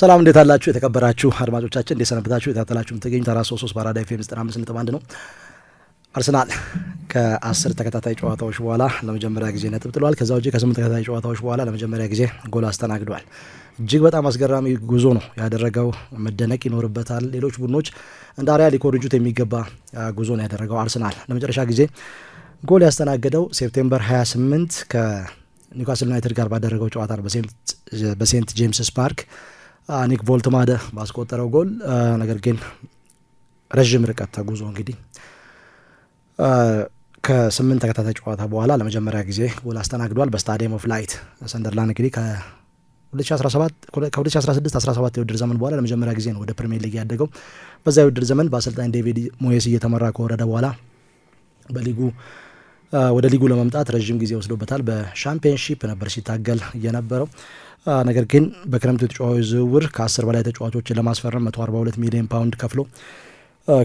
ሰላም እንዴት አላችሁ? የተከበራችሁ አድማጮቻችን እንዴት ሰነበታችሁ? የታተላችሁ የምትገኙ ተራ ሶስት ሶስት በአራዳ ኤፍ ኤም ዘጠና አምስት ነጥብ አንድ ነው። አርሰናል ከአስር ተከታታይ ጨዋታዎች በኋላ ለመጀመሪያ ጊዜ ነጥብ ጥሏል። ከዛ ውጭ ከስምንት ተከታታይ ጨዋታዎች በኋላ ለመጀመሪያ ጊዜ ጎል አስተናግዷል። እጅግ በጣም አስገራሚ ጉዞ ነው ያደረገው። መደነቅ ይኖርበታል። ሌሎች ቡድኖች እንደ አርያ ሊኮርጁት የሚገባ ጉዞ ነው ያደረገው አርሰናል። ለመጨረሻ ጊዜ ጎል ያስተናገደው ሴፕቴምበር 28 ከኒውካስል ዩናይትድ ጋር ባደረገው ጨዋታ በሴንት ጄምስስ ፓርክ ኒክ ቮልትማደ ባስቆጠረው ጎል ነገር ግን ረዥም ርቀት ተጉዞ እንግዲህ ከስምንት ተከታታይ ጨዋታ በኋላ ለመጀመሪያ ጊዜ ጎል አስተናግዷል። በስታዲየም ኦፍ ላይት ሰንደርላንድ እንግዲህ ከ2016 17 የውድድር ዘመን በኋላ ለመጀመሪያ ጊዜ ነው ወደ ፕሪሚየር ሊግ ያደገው። በዛ የውድድር ዘመን በአሰልጣኝ ዴቪድ ሞየስ እየተመራ ከወረደ በኋላ በሊጉ ወደ ሊጉ ለመምጣት ረዥም ጊዜ ወስዶበታል። በሻምፒየንሺፕ ነበር ሲታገል የነበረው። ነገር ግን በክረምቱ የተጫዋቾች ዝውውር ከ10 በላይ ተጫዋቾችን ለማስፈረም 142 ሚሊዮን ፓውንድ ከፍሎ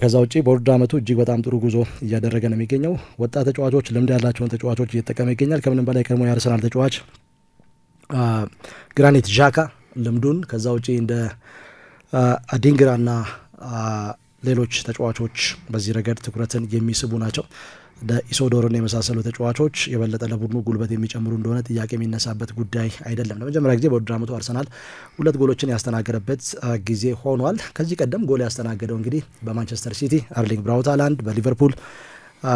ከዛ ውጪ በውድድር ዓመቱ እጅግ በጣም ጥሩ ጉዞ እያደረገ ነው የሚገኘው። ወጣት ተጫዋቾች፣ ልምድ ያላቸውን ተጫዋቾች እየተጠቀመ ይገኛል። ከምንም በላይ ቀድሞ የአርሰናል ተጫዋች ግራኒት ዣካ ልምዱን ከዛ ውጪ እንደ አዲንግራና ሌሎች ተጫዋቾች በዚህ ረገድ ትኩረትን የሚስቡ ናቸው። ኢሶዶርን የመሳሰሉ ተጫዋቾች የበለጠ ለቡድኑ ጉልበት የሚጨምሩ እንደሆነ ጥያቄ የሚነሳበት ጉዳይ አይደለም። ለመጀመሪያ ጊዜ በውድድር ዓመቱ አርሰናል ሁለት ጎሎችን ያስተናገደበት ጊዜ ሆኗል። ከዚህ ቀደም ጎል ያስተናገደው እንግዲህ በማንቸስተር ሲቲ አርሊንግ ብራውት ሃላንድ፣ በሊቨርፑል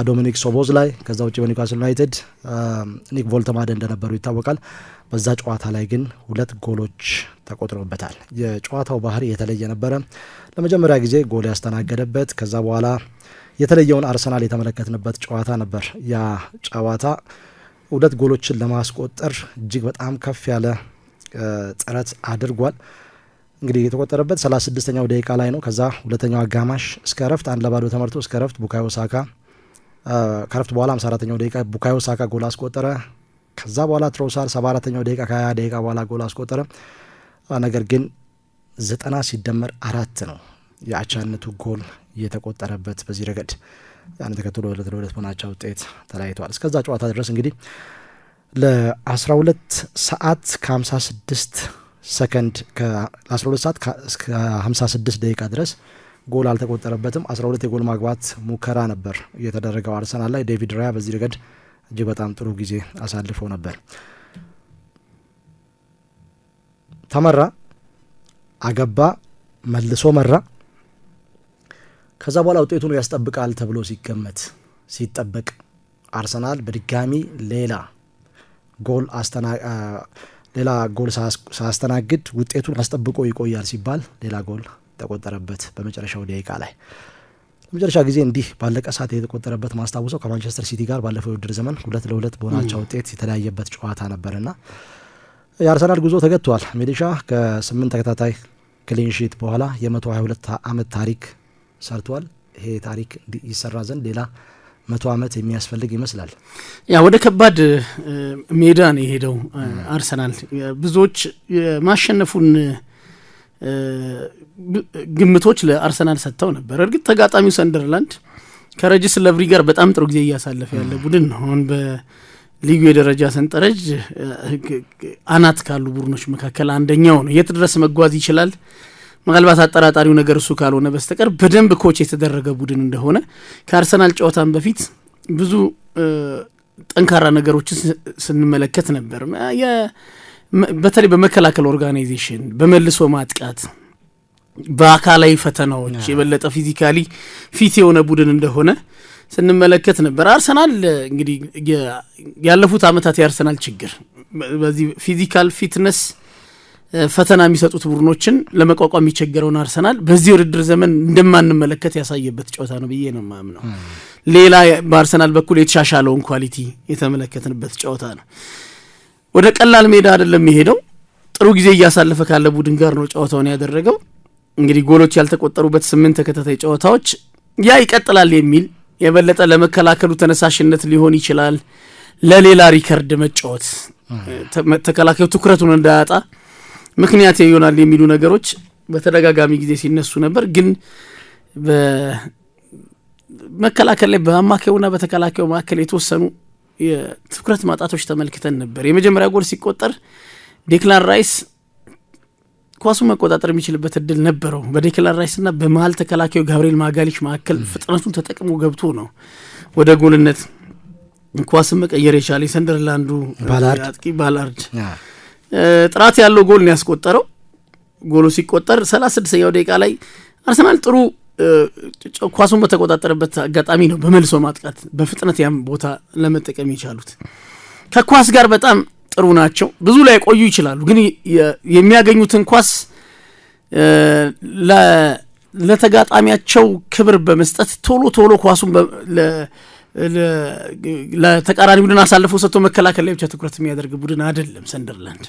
ዶሚኒክ ሶቦዝ ላይ ከዛ ውጭ በኒውካስል ዩናይትድ ኒክ ቮልተማደ እንደነበሩ ይታወቃል። በዛ ጨዋታ ላይ ግን ሁለት ጎሎች ተቆጥሮበታል። የጨዋታው ባህሪ የተለየ ነበረ። ለመጀመሪያ ጊዜ ጎል ያስተናገደበት ከዛ በኋላ የተለየውን አርሰናል የተመለከትንበት ጨዋታ ነበር። ያ ጨዋታ ሁለት ጎሎችን ለማስቆጠር እጅግ በጣም ከፍ ያለ ጥረት አድርጓል። እንግዲህ የተቆጠረበት 36 ስድስተኛው ደቂቃ ላይ ነው። ከዛ ሁለተኛው አጋማሽ እስከ ረፍት አንድ ለባዶ ተመርቶ እስከ ረፍት ቡካዮ ሳካ ከረፍት በኋላ 54 አራተኛው ደቂቃ ቡካዮ ሳካ ጎል አስቆጠረ። ከዛ በኋላ ትሮሳር ሰባ አራተኛው ደቂቃ ከሀያ ደቂቃ በኋላ ጎል አስቆጠረ። ነገር ግን ዘጠና ሲደመር አራት ነው የአቻነቱ ጎል የተቆጠረበት በዚህ ረገድ አንድ ተከትሎ ሁለት ለሁለት በሆናቸው ውጤት ተለያይተዋል። እስከዛ ጨዋታ ድረስ እንግዲህ ለ12 ሰዓት ከ56 ሰከንድ ለ12 ሰዓት እስከ 56 ደቂቃ ድረስ ጎል አልተቆጠረበትም። 12 የጎል ማግባት ሙከራ ነበር እየተደረገው አርሰናል ላይ። ዴቪድ ራያ በዚህ ረገድ እጅግ በጣም ጥሩ ጊዜ አሳልፎ ነበር። ተመራ፣ አገባ፣ መልሶ መራ ከዛ በኋላ ውጤቱን ያስጠብቃል ተብሎ ሲገመት ሲጠበቅ አርሰናል በድጋሚ ሌላ ጎል ሌላ ጎል ሳያስተናግድ ውጤቱን አስጠብቆ ይቆያል ሲባል ሌላ ጎል ተቆጠረበት በመጨረሻው ደቂቃ ላይ። ለመጨረሻ ጊዜ እንዲህ ባለቀ ሰዓት የተቆጠረበት ማስታውሰው ከማንቸስተር ሲቲ ጋር ባለፈው ውድድር ዘመን ሁለት ለሁለት በሆናቸው ውጤት የተለያየበት ጨዋታ ነበርና የአርሰናል ጉዞ ተገጥቷል። ሜዲሻ ከስምንት ተከታታይ ክሊንሺት በኋላ የ122 ዓመት ታሪክ ሰርቷል ይሄ ታሪክ ይሰራ ዘንድ ሌላ መቶ ዓመት የሚያስፈልግ ይመስላል። ያ ወደ ከባድ ሜዳ ነው የሄደው አርሰናል። ብዙዎች የማሸነፉን ግምቶች ለአርሰናል ሰጥተው ነበር። እርግጥ ተጋጣሚው ሰንደርላንድ ከረጅስ ለብሪ ጋር በጣም ጥሩ ጊዜ እያሳለፈ ያለ ቡድን አሁን በሊጉ የደረጃ ሰንጠረዥ አናት ካሉ ቡድኖች መካከል አንደኛው ነው። የት ድረስ መጓዝ ይችላል ምናልባት አጠራጣሪው ነገር እሱ ካልሆነ በስተቀር በደንብ ኮች የተደረገ ቡድን እንደሆነ ከአርሰናል ጨዋታን በፊት ብዙ ጠንካራ ነገሮችን ስንመለከት ነበር። በተለይ በመከላከል ኦርጋናይዜሽን፣ በመልሶ ማጥቃት፣ በአካላዊ ፈተናዎች የበለጠ ፊዚካሊ ፊት የሆነ ቡድን እንደሆነ ስንመለከት ነበር። አርሰናል እንግዲህ ያለፉት ዓመታት የአርሰናል ችግር በዚህ ፊዚካል ፊትነስ ፈተና የሚሰጡት ቡድኖችን ለመቋቋም የሚቸገረውን አርሰናል በዚህ ውድድር ዘመን እንደማንመለከት ያሳየበት ጨዋታ ነው ብዬ ነው የማምነው። ሌላ በአርሰናል በኩል የተሻሻለውን ኳሊቲ የተመለከትንበት ጨዋታ ነው። ወደ ቀላል ሜዳ አይደለም የሄደው። ጥሩ ጊዜ እያሳለፈ ካለ ቡድን ጋር ነው ጨዋታውን ያደረገው። እንግዲህ ጎሎች ያልተቆጠሩበት ስምንት ተከታታይ ጨዋታዎች፣ ያ ይቀጥላል የሚል የበለጠ ለመከላከሉ ተነሳሽነት ሊሆን ይችላል። ለሌላ ሪከርድ መጫወት ተከላካዩ ትኩረቱን እንዳያጣ ምክንያት ይሆናል የሚሉ ነገሮች በተደጋጋሚ ጊዜ ሲነሱ ነበር። ግን በመከላከል ላይ በአማካዩና በተከላካዩ መካከል የተወሰኑ የትኩረት ማጣቶች ተመልክተን ነበር። የመጀመሪያ ጎል ሲቆጠር ዴክላን ራይስ ኳሱን መቆጣጠር የሚችልበት እድል ነበረው። በዴክላን ራይስና በመሀል ተከላካዩ ጋብርኤል ማጋሊሽ መካከል ፍጥነቱን ተጠቅሞ ገብቶ ነው ወደ ጎልነት ኳስን መቀየር የቻለ የሰንደርላንዱ አጥቂ ባላርድ ጥራት ያለው ጎል ነው ያስቆጠረው። ጎሉ ሲቆጠር ሰላሳ ስድስተኛው ደቂቃ ላይ አርሰናል ጥሩ ኳሱን በተቆጣጠረበት አጋጣሚ ነው በመልሶ ማጥቃት በፍጥነት ያም ቦታ ለመጠቀም የቻሉት። ከኳስ ጋር በጣም ጥሩ ናቸው። ብዙ ላይ ቆዩ ይችላሉ፣ ግን የሚያገኙትን ኳስ ለተጋጣሚያቸው ክብር በመስጠት ቶሎ ቶሎ ኳሱን ለተቃራኒ ቡድን አሳልፎ ሰጥቶ መከላከል ላይ ብቻ ትኩረት የሚያደርግ ቡድን አይደለም። ሰንደርላንድ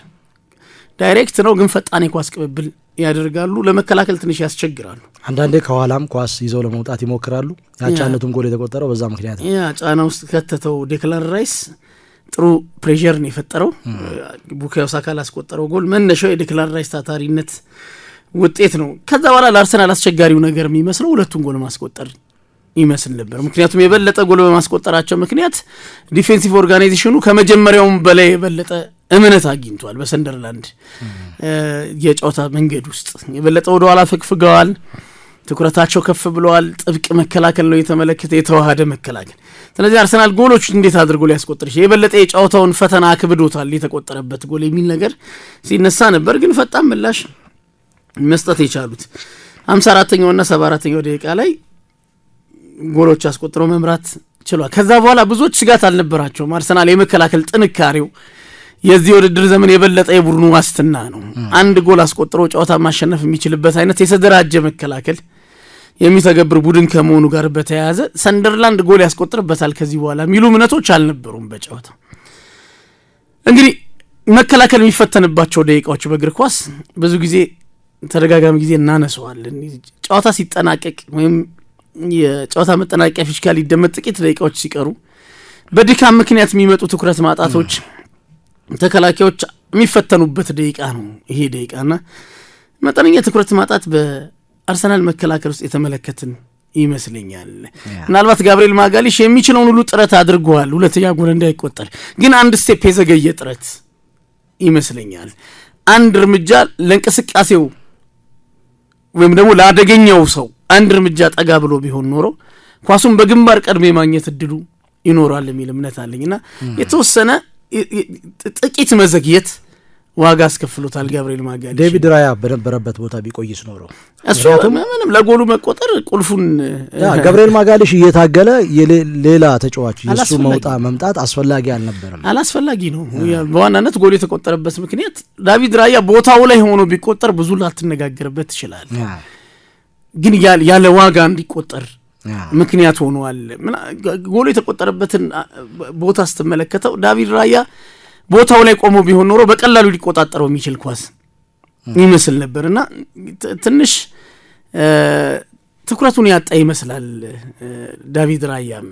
ዳይሬክት ነው፣ ግን ፈጣን የኳስ ቅብብል ያደርጋሉ። ለመከላከል ትንሽ ያስቸግራሉ። አንዳንዴ ከኋላም ኳስ ይዘው ለመውጣት ይሞክራሉ። ያጫነቱም ጎል የተቆጠረው በዛ ምክንያት ነው። ያ ጫና ውስጥ ከተተው ዴክላን ራይስ ጥሩ ፕሬዠርን የፈጠረው ቡካዮ ሳካ ላስቆጠረው ጎል መነሻው የዴክላን ራይስ ታታሪነት ውጤት ነው። ከዛ በኋላ ለአርሰናል አስቸጋሪው ነገር የሚመስለው ሁለቱን ጎል ማስቆጠር ይመስል ነበር። ምክንያቱም የበለጠ ጎል በማስቆጠራቸው ምክንያት ዲፌንሲቭ ኦርጋናይዜሽኑ ከመጀመሪያውም በላይ የበለጠ እምነት አግኝቷል። በሰንደርላንድ የጨዋታ መንገድ ውስጥ የበለጠ ወደ ኋላ ፈግፍገዋል። ትኩረታቸው ከፍ ብለዋል። ጥብቅ መከላከል ነው የተመለከተ የተዋሃደ መከላከል። ስለዚህ አርሰናል ጎሎች እንዴት አድርጎ ሊያስቆጥር ይችላል፣ የበለጠ የጨዋታውን ፈተና አክብዶታል የተቆጠረበት ጎል የሚል ነገር ሲነሳ ነበር። ግን ፈጣን ምላሽ መስጠት የቻሉት ሀምሳ አራተኛውና ሰባ አራተኛው ደቂቃ ላይ ጎሎች አስቆጥሮ መምራት ችሏል። ከዛ በኋላ ብዙዎች ስጋት አልነበራቸውም። አርሰናል የመከላከል ጥንካሬው የዚህ ውድድር ዘመን የበለጠ የቡድኑ ዋስትና ነው። አንድ ጎል አስቆጥሮ ጨዋታ ማሸነፍ የሚችልበት አይነት የተደራጀ መከላከል የሚተገብር ቡድን ከመሆኑ ጋር በተያያዘ ሰንደርላንድ ጎል ያስቆጥርበታል ከዚህ በኋላ የሚሉ እምነቶች አልነበሩም። በጨዋታ እንግዲህ መከላከል የሚፈተንባቸው ደቂቃዎች በእግር ኳስ ብዙ ጊዜ ተደጋጋሚ ጊዜ እናነሰዋለን። ጨዋታ ሲጠናቀቅ ወይም የጨዋታ መጠናቀቂያ ፊሽካ ሊደመጥ ጥቂት ደቂቃዎች ሲቀሩ በድካም ምክንያት የሚመጡ ትኩረት ማጣቶች ተከላካዮች የሚፈተኑበት ደቂቃ ነው ይሄ ደቂቃና መጠነኛ ትኩረት ማጣት በአርሰናል መከላከል ውስጥ የተመለከትን ይመስለኛል። ምናልባት ጋብርኤል ማጋሊሽ የሚችለውን ሁሉ ጥረት አድርገዋል፣ ሁለተኛ ጎል እንዳይቆጠር ግን አንድ ስቴፕ የዘገየ ጥረት ይመስለኛል። አንድ እርምጃ ለእንቅስቃሴው ወይም ደግሞ ለአደገኛው ሰው አንድ እርምጃ ጠጋ ብሎ ቢሆን ኖሮ ኳሱን በግንባር ቀድሜ የማግኘት እድሉ ይኖራል የሚል እምነት አለኝ እና የተወሰነ ጥቂት መዘግየት ዋጋ አስከፍሎታል። ገብርኤል ማጋ ዴቪድ ራያ በነበረበት ቦታ ቢቆይስ ኖሮ እሱ ምንም ለጎሉ መቆጠር ቁልፉን ገብርኤል ማጋሌሽ እየታገለ ሌላ ተጫዋች የሱ መውጣ መምጣት አስፈላጊ አልነበረም። አላስፈላጊ ነው። በዋናነት ጎል የተቆጠረበት ምክንያት ዳቪድ ራያ ቦታው ላይ ሆኖ ቢቆጠር ብዙ ላትነጋገርበት ትችላል። ግን ያለ ዋጋ እንዲቆጠር ምክንያት ሆኗል። ጎሎ የተቆጠረበትን ቦታ ስትመለከተው ዳቪድ ራያ ቦታው ላይ ቆሞ ቢሆን ኖሮ በቀላሉ ሊቆጣጠረው የሚችል ኳስ ይመስል ነበር እና ትንሽ ትኩረቱን ያጣ ይመስላል። ዳቪድ ራያም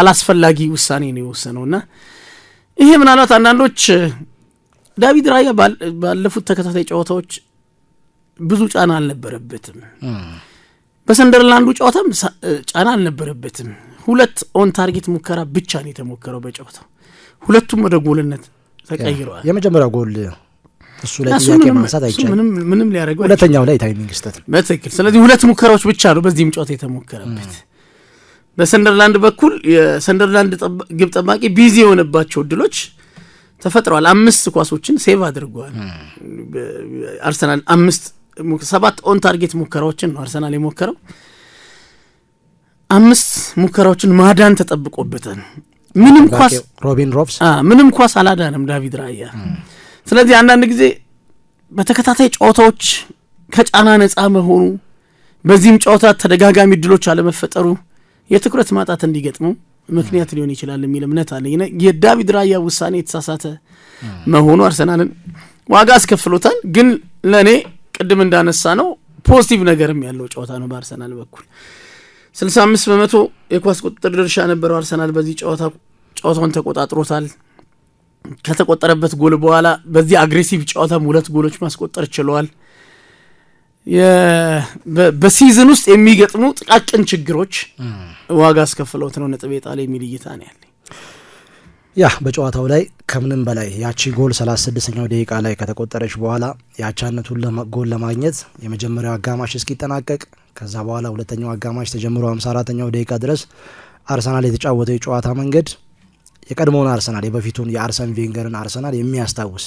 አላስፈላጊ ውሳኔ ነው የወሰነው እና ይሄ ምናልባት አንዳንዶች ዳቪድ ራያ ባለፉት ተከታታይ ጨዋታዎች ብዙ ጫና አልነበረበትም። በሰንደርላንዱ ጨዋታም ጫና አልነበረበትም። ሁለት ኦን ታርጌት ሙከራ ብቻ ነው የተሞከረው በጨዋታው። ሁለቱም ወደ ጎልነት ተቀይረዋል። የመጀመሪያው ጎል እሱ ላይ ጥያቄ ማንሳት አይቻልም። ምንም ሊያደርገው ሁለተኛው ላይ ታይሚንግ ስህተት ነው በትክክል። ስለዚህ ሁለት ሙከራዎች ብቻ ነው በዚህም ጨዋታ የተሞከረበት። በሰንደርላንድ በኩል የሰንደርላንድ ግብ ጠባቂ ቢዚ የሆነባቸው እድሎች ተፈጥረዋል። አምስት ኳሶችን ሴቭ አድርገዋል። አርሰናል አምስት ሰባት ኦን ታርጌት ሙከራዎችን ነው አርሰናል የሞከረው። አምስት ሙከራዎችን ማዳን ተጠብቆበታል። ምንም ኳስ ሮቢን ሮብስ ምንም ኳስ አላዳንም ዳቪድ ራያ። ስለዚህ አንዳንድ ጊዜ በተከታታይ ጨዋታዎች ከጫና ነጻ መሆኑ በዚህም ጨዋታ ተደጋጋሚ እድሎች አለመፈጠሩ የትኩረት ማጣት እንዲገጥመው ምክንያት ሊሆን ይችላል የሚል እምነት አለኝ። የዳቪድ ራያ ውሳኔ የተሳሳተ መሆኑ አርሰናልን ዋጋ አስከፍሎታል፣ ግን ለእኔ ቅድም እንዳነሳ ነው ፖዚቲቭ ነገርም ያለው ጨዋታ ነው በአርሰናል በኩል 65 በመቶ የኳስ ቁጥጥር ድርሻ ነበረው አርሰናል በዚህ ጨዋታ ጨዋታውን ተቆጣጥሮታል ከተቆጠረበት ጎል በኋላ በዚህ አግሬሲቭ ጨዋታም ሁለት ጎሎች ማስቆጠር ችለዋል በሲዝን ውስጥ የሚገጥሙ ጥቃቅን ችግሮች ዋጋ አስከፍለውት ነው ነጥብ የጣለ የሚል እይታ ነው ያለ ያ በጨዋታው ላይ ከምንም በላይ ያቺ ጎል 36ኛው ደቂቃ ላይ ከተቆጠረች በኋላ የአቻነቱን ጎል ለማግኘት የመጀመሪያው አጋማሽ እስኪጠናቀቅ ከዛ በኋላ ሁለተኛው አጋማሽ ተጀምሮ 54ኛው ደቂቃ ድረስ አርሰናል የተጫወተው የጨዋታ መንገድ የቀድሞውን አርሰናል የበፊቱን የአርሰን ቬንገርን አርሰናል የሚያስታውስ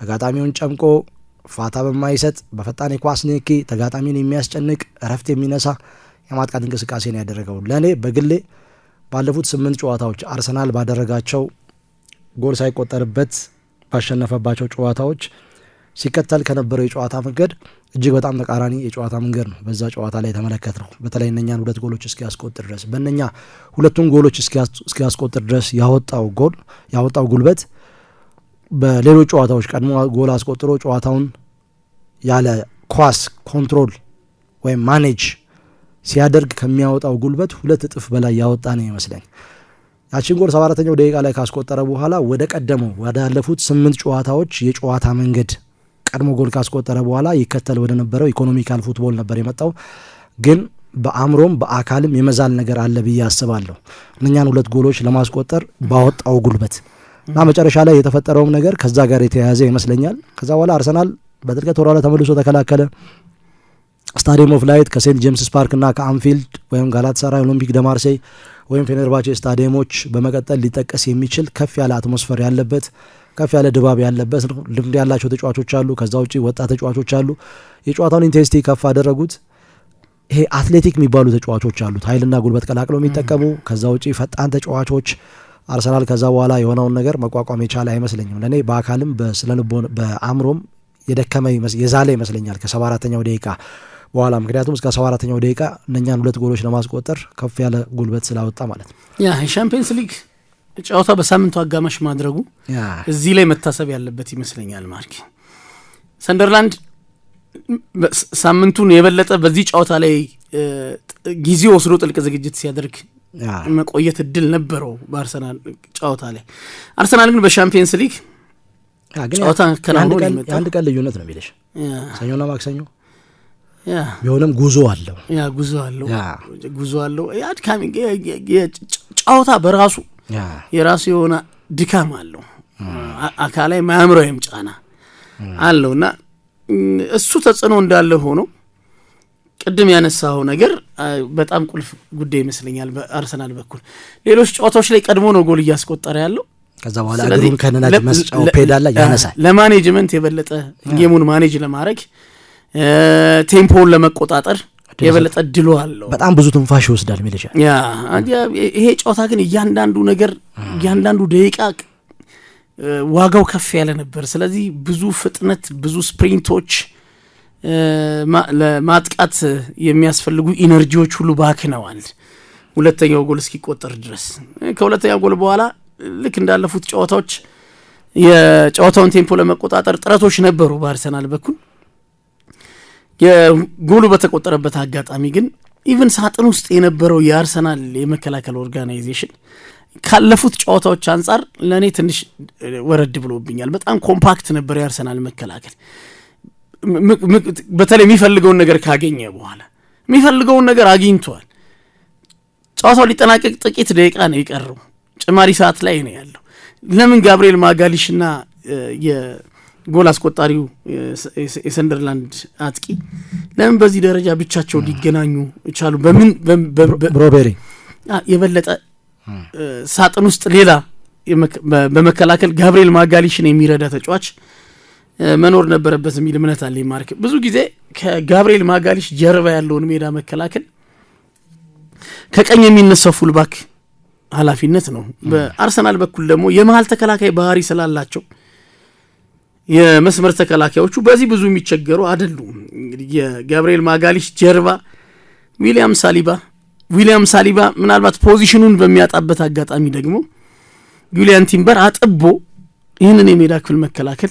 ተጋጣሚውን ጨምቆ ፋታ በማይሰጥ በፈጣን የኳስ ንክኪ ተጋጣሚን የሚያስጨንቅ እረፍት የሚነሳ የማጥቃት እንቅስቃሴ ነው ያደረገው። ለእኔ በግሌ ባለፉት ስምንት ጨዋታዎች አርሰናል ባደረጋቸው ጎል ሳይቆጠርበት ባሸነፈባቸው ጨዋታዎች ሲከተል ከነበረው የጨዋታ መንገድ እጅግ በጣም ተቃራኒ የጨዋታ መንገድ ነው በዛ ጨዋታ ላይ ነው። በተለይ እነኛን ሁለት ጎሎች እስኪያስቆጥር ድረስ በእነኛ ሁለቱን ጎሎች እስኪያስቆጥር ድረስ ያወጣው ጎል ያወጣው ጉልበት በሌሎች ጨዋታዎች ቀድሞ ጎል አስቆጥሮ ጨዋታውን ያለ ኳስ ኮንትሮል ወይም ማኔጅ ሲያደርግ ከሚያወጣው ጉልበት ሁለት እጥፍ በላይ ያወጣ ነው ይመስለኝ። ያቺን ጎል ሰባ አራተኛው ደቂቃ ላይ ካስቆጠረ በኋላ ወደ ቀደመው ወዳለፉት ስምንት ጨዋታዎች የጨዋታ መንገድ ቀድሞ ጎል ካስቆጠረ በኋላ ይከተል ወደ ነበረው ኢኮኖሚካል ፉትቦል ነበር የመጣው። ግን በአእምሮም በአካልም የመዛል ነገር አለ ብዬ አስባለሁ እነኛን ሁለት ጎሎች ለማስቆጠር ባወጣው ጉልበት እና መጨረሻ ላይ የተፈጠረውም ነገር ከዛ ጋር የተያያዘ ይመስለኛል። ከዛ በኋላ አርሰናል በጥልቀት ወደ ተመልሶ ተከላከለ። ስታዲየም ኦፍ ላይት ከሴንት ጄምስ ፓርክ እና ከአንፊልድ ወይም ጋላታሳራይ ኦሎምፒክ ደ ማርሴይ ወይም ፌኔርባቼ ስታዲየሞች በመቀጠል ሊጠቀስ የሚችል ከፍ ያለ አትሞስፈር ያለበት ከፍ ያለ ድባብ ያለበት ነው። ልምድ ያላቸው ተጫዋቾች አሉ። ከዛ ውጭ ወጣት ተጫዋቾች አሉ። የጨዋታውን ኢንቴንሲቲ ከፍ አደረጉት። ይሄ አትሌቲክ የሚባሉ ተጫዋቾች አሉት፣ ኃይልና ጉልበት ቀላቅለው የሚጠቀሙ ከዛ ውጭ ፈጣን ተጫዋቾች። አርሰናል ከዛ በኋላ የሆነውን ነገር መቋቋም የቻለ አይመስለኝም። ለእኔ በአካልም በስለልቦ በአእምሮም የደከመ የዛለ ይመስለኛል ከሰባ አራተኛው ደቂቃ በኋላ ምክንያቱም እስከ ሰባ አራተኛው ደቂቃ እነኛን ሁለት ጎሎች ለማስቆጠር ከፍ ያለ ጉልበት ስላወጣ ማለት ነው። ያ የሻምፒየንስ ሊግ ጨዋታ በሳምንቱ አጋማሽ ማድረጉ እዚህ ላይ መታሰብ ያለበት ይመስለኛል። ማርኪ ሰንደርላንድ ሳምንቱን የበለጠ በዚህ ጨዋታ ላይ ጊዜ ወስዶ ጥልቅ ዝግጅት ሲያደርግ መቆየት እድል ነበረው በአርሰናል ጨዋታ ላይ። አርሰናል ግን በሻምፒየንስ ሊግ ጨዋታ ከናሆን ቀን ልዩነት ነው የሚልሽ ሰኞና ማክሰኞ ቢሆንም ጉዞ አለው ጉዞ አለው ጉዞ አለው። አድካሚ ጨዋታ በራሱ የራሱ የሆነ ድካም አለው። አካላዊ ማያምራዊም ጫና አለው እና እሱ ተጽዕኖ እንዳለ ሆኖ ቅድም ያነሳው ነገር በጣም ቁልፍ ጉዳይ ይመስለኛል። በአርሰናል በኩል ሌሎች ጨዋታዎች ላይ ቀድሞ ነው ጎል እያስቆጠረ ያለው። ከዛ በኋላ እግሩን ከነዳጅ መስጫው ፔዳል ላይ ያነሳል። ለማኔጅመንት የበለጠ ጌሙን ማኔጅ ለማድረግ ቴምፖውን ለመቆጣጠር የበለጠ ድሎ አለው። በጣም ብዙ ትንፋሽ ይወስዳል ሚልሻ። ይሄ ጨዋታ ግን እያንዳንዱ ነገር እያንዳንዱ ደቂቃ ዋጋው ከፍ ያለ ነበር። ስለዚህ ብዙ ፍጥነት፣ ብዙ ስፕሪንቶች፣ ለማጥቃት የሚያስፈልጉ ኢነርጂዎች ሁሉ ባክነዋል። ሁለተኛው ጎል እስኪቆጠር ድረስ ከሁለተኛው ጎል በኋላ ልክ እንዳለፉት ጨዋታዎች የጨዋታውን ቴምፖ ለመቆጣጠር ጥረቶች ነበሩ በአርሰናል በኩል የጎሉ በተቆጠረበት አጋጣሚ ግን ኢቨን ሳጥን ውስጥ የነበረው የአርሰናል የመከላከል ኦርጋናይዜሽን ካለፉት ጨዋታዎች አንጻር ለእኔ ትንሽ ወረድ ብሎብኛል። በጣም ኮምፓክት ነበር የአርሰናል መከላከል። በተለይ የሚፈልገውን ነገር ካገኘ በኋላ የሚፈልገውን ነገር አግኝቷል። ጨዋታው ሊጠናቀቅ ጥቂት ደቂቃ ነው የቀረው። ጭማሪ ሰዓት ላይ ነው ያለው። ለምን ጋብርኤል ማጋሊሽና ጎል አስቆጣሪው የሰንደርላንድ አጥቂ ለምን በዚህ ደረጃ ብቻቸው ሊገናኙ ይቻሉ? በምን ሮቤሪ የበለጠ ሳጥን ውስጥ ሌላ በመከላከል ጋብርኤል ማጋሊሽን የሚረዳ ተጫዋች መኖር ነበረበት የሚል እምነት አለ። ማርክ ብዙ ጊዜ ከጋብርኤል ማጋሊሽ ጀርባ ያለውን ሜዳ መከላከል ከቀኝ የሚነሳው ፉልባክ ኃላፊነት ነው። በአርሰናል በኩል ደግሞ የመሀል ተከላካይ ባህሪ ስላላቸው የመስመር ተከላካዮቹ በዚህ ብዙ የሚቸገሩ አይደሉም። እንግዲህ የገብርኤል ማጋሊሽ ጀርባ ዊሊያም ሳሊባ ዊሊያም ሳሊባ ምናልባት ፖዚሽኑን በሚያጣበት አጋጣሚ ደግሞ ጁሊያን ቲምበር አጥቦ ይህንን የሜዳ ክፍል መከላከል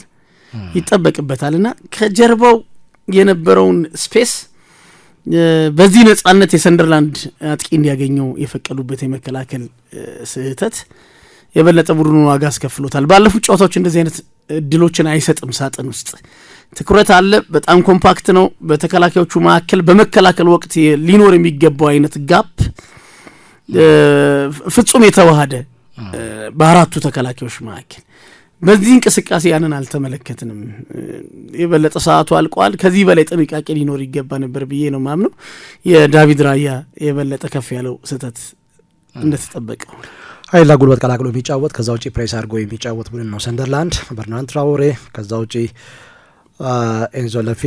ይጠበቅበታል እና ከጀርባው የነበረውን ስፔስ በዚህ ነጻነት የሰንደርላንድ አጥቂ እንዲያገኘው የፈቀዱበት የመከላከል ስህተት የበለጠ ቡድኑን ዋጋ አስከፍሎታል። ባለፉት ጨዋታዎች እንደዚህ አይነት እድሎችን አይሰጥም። ሳጥን ውስጥ ትኩረት አለ። በጣም ኮምፓክት ነው። በተከላካዮቹ መካከል በመከላከል ወቅት ሊኖር የሚገባው አይነት ጋፕ ፍጹም የተዋሃደ በአራቱ ተከላካዮች መካከል በዚህ እንቅስቃሴ ያንን አልተመለከትንም። የበለጠ ሰዓቱ አልቋል። ከዚህ በላይ ጥንቃቄ ሊኖር ይገባ ነበር ብዬ ነው ማምነው። የዳቪድ ራያ የበለጠ ከፍ ያለው ስህተት እንደተጠበቀው ኃይልና ጉልበት ቀላቅሎ የሚጫወት ከዛ ውጭ ፕሬስ አድርጎ የሚጫወት ቡድን ነው ሰንደርላንድ። በርናንድ ትራውሬ፣ ከዛ ውጭ ኤንዞ ለፊ፣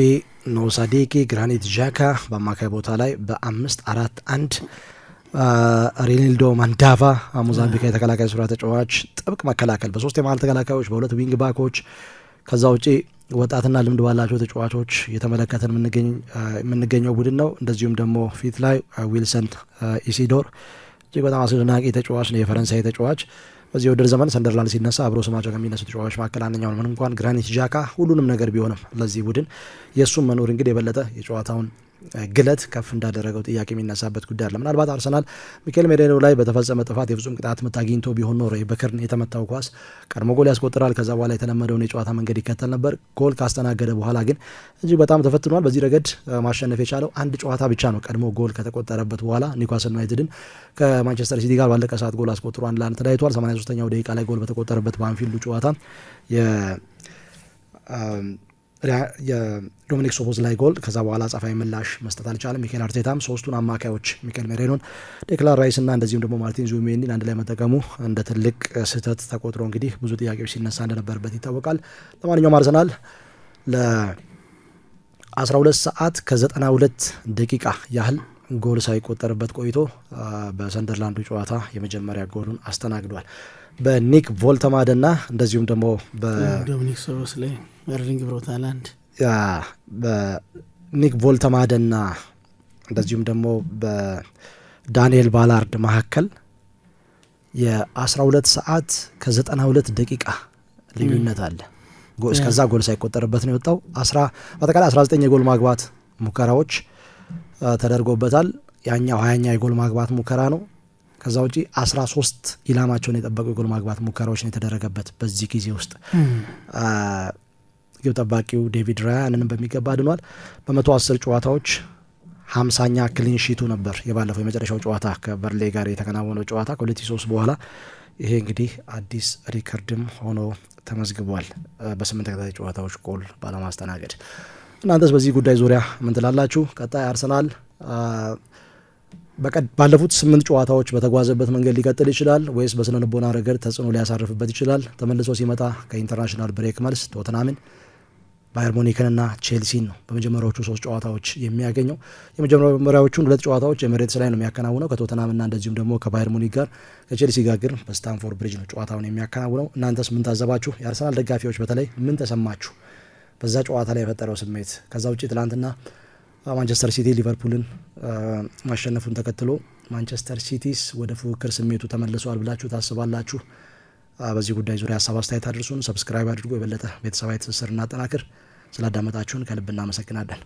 ኖሳዲኪ፣ ግራኒት ዣካ በአማካይ ቦታ ላይ በአምስት አራት አንድ ሬኒልዶ ማንዳቫ ሞዛምቢካ የተከላካይ ስራ ተጫዋች ጥብቅ መከላከል በሶስት የመሀል ተከላካዮች በሁለት ዊንግ ባኮች ከዛ ውጪ ወጣትና ልምድ ባላቸው ተጫዋቾች እየተመለከተን የምንገኘው ቡድን ነው። እንደዚሁም ደግሞ ፊት ላይ ዊልሰን ኢሲዶር እጅግ በጣም አስደናቂ ተጫዋች ነው። የፈረንሳይ ተጫዋች በዚህ ውድድር ዘመን ሰንደርላንድ ሲነሳ አብሮ ስማቸው ከሚነሱ ተጫዋቾች መካከል አንደኛው ነው። ምን እንኳን ግራኒት ጃካ ሁሉንም ነገር ቢሆንም ለዚህ ቡድን የእሱም መኖር እንግዲህ የበለጠ የጨዋታውን ግለት ከፍ እንዳደረገው ጥያቄ የሚነሳበት ጉዳይ አለ። ምናልባት አርሰናል ሚካኤል ሜሬሎ ላይ በተፈጸመ ጥፋት የፍጹም ቅጣት ምት አግኝቶ ቢሆን ኖሮ በክርን የተመታው ኳስ ቀድሞ ጎል ያስቆጥራል። ከዛ በኋላ የተለመደውን የጨዋታ መንገድ ይከተል ነበር። ጎል ካስተናገደ በኋላ ግን እጅግ በጣም ተፈትኗል። በዚህ ረገድ ማሸነፍ የቻለው አንድ ጨዋታ ብቻ ነው። ቀድሞ ጎል ከተቆጠረበት በኋላ ኒውካስል ዩናይትድን ከማንቸስተር ሲቲ ጋር ባለቀ ሰዓት ጎል አስቆጥሮ አንድ ለአንድ ተለያይቷል። 83ኛው ደቂቃ ላይ ጎል በተቆጠረበት በአንፊልዱ ጨዋታ የዶሚኒክ ሶቦዝ ላይ ጎል ከዛ በኋላ ጸፋዊ ምላሽ መስጠት አልቻለም። ሚኬል አርቴታም ሶስቱን አማካዮች ሚኬል ሜሬኖን፣ ዴክላን ራይስና እንደዚሁም ደግሞ ማርቲን ዙሜኒን አንድ ላይ መጠቀሙ እንደ ትልቅ ስህተት ተቆጥሮ እንግዲህ ብዙ ጥያቄዎች ሲነሳ እንደነበርበት ይታወቃል። ለማንኛውም አርሰናል ለ12 ሰዓት ከ92 ደቂቃ ያህል ጎል ሳይቆጠርበት ቆይቶ በሰንደርላንዱ ጨዋታ የመጀመሪያ ጎሉን አስተናግዷል። በኒክ ና እንደዚሁም ደግሞ በዶሚኒክ ሶቦስ ላይ ኤርሊንግ ብሮታላንድ ሃላንድ በኒክ ና እንደዚሁም ደግሞ በዳንኤል ባላርድ መካከል የአስራ ሁለት ሰዓት ከ92 ደቂቃ ልዩነት አለ። እስከዛ ጎል ሳይቆጠርበት ነው የወጣው። በአጠቃላይ ዘጠኝ የጎል ማግባት ሙከራዎች ተደርጎበታል። ያኛው ሀያኛ የጎል ማግባት ሙከራ ነው። ከዛ ውጪ አስራ ሶስት ኢላማቸውን የጠበቁ የጎል ማግባት ሙከራዎች ነው የተደረገበት በዚህ ጊዜ ውስጥ። ግብ ጠባቂው ዴቪድ ራያ ያንንም በሚገባ አድኗል። በመቶ አስር ጨዋታዎች ሀምሳኛ ክሊንሺቱ ነበር የባለፈው የመጨረሻው ጨዋታ ከበርሌ ጋር የተከናወነው ጨዋታ ከሁለት ሶስት በኋላ ይሄ እንግዲህ አዲስ ሪከርድም ሆኖ ተመዝግቧል። በስምንት ተከታታይ ጨዋታዎች ጎል ባለማስተናገድ እናንተስ በዚህ ጉዳይ ዙሪያ ምን ትላላችሁ? ቀጣይ አርሰናል ባለፉት ስምንት ጨዋታዎች በተጓዘበት መንገድ ሊቀጥል ይችላል ወይስ በስነ ልቦና ረገድ ተጽዕኖ ሊያሳርፍበት ይችላል? ተመልሶ ሲመጣ ከኢንተርናሽናል ብሬክ መልስ ቶተናምን፣ ባየር ሙኒክንና ቼልሲን ነው በመጀመሪያዎቹ ሶስት ጨዋታዎች የሚያገኘው። የመጀመሪያዎቹን ሁለት ጨዋታዎች የመሬት ላይ ነው የሚያከናውነው ከቶተናምና እንደዚሁም ደግሞ ከባየር ሙኒክ ጋር። ከቼልሲ ጋር ግን በስታንፎርድ ብሪጅ ነው ጨዋታውን የሚያከናውነው። እናንተስ ምን ታዘባችሁ? የአርሰናል ደጋፊዎች በተለይ ምን ተሰማችሁ? በዛ ጨዋታ ላይ የፈጠረው ስሜት ከዛ ውጭ ትላንትና ማንቸስተር ሲቲ ሊቨርፑልን ማሸነፉን ተከትሎ ማንቸስተር ሲቲስ ወደ ፉክክር ስሜቱ ተመልሷል ብላችሁ ታስባላችሁ? በዚህ ጉዳይ ዙሪያ ሀሳብ አስተያየት አድርሱን። ሰብስክራይብ አድርጎ የበለጠ ቤተሰባዊ ትስስር እናጠናክር። ስላዳመጣችሁን ከልብ እናመሰግናለን።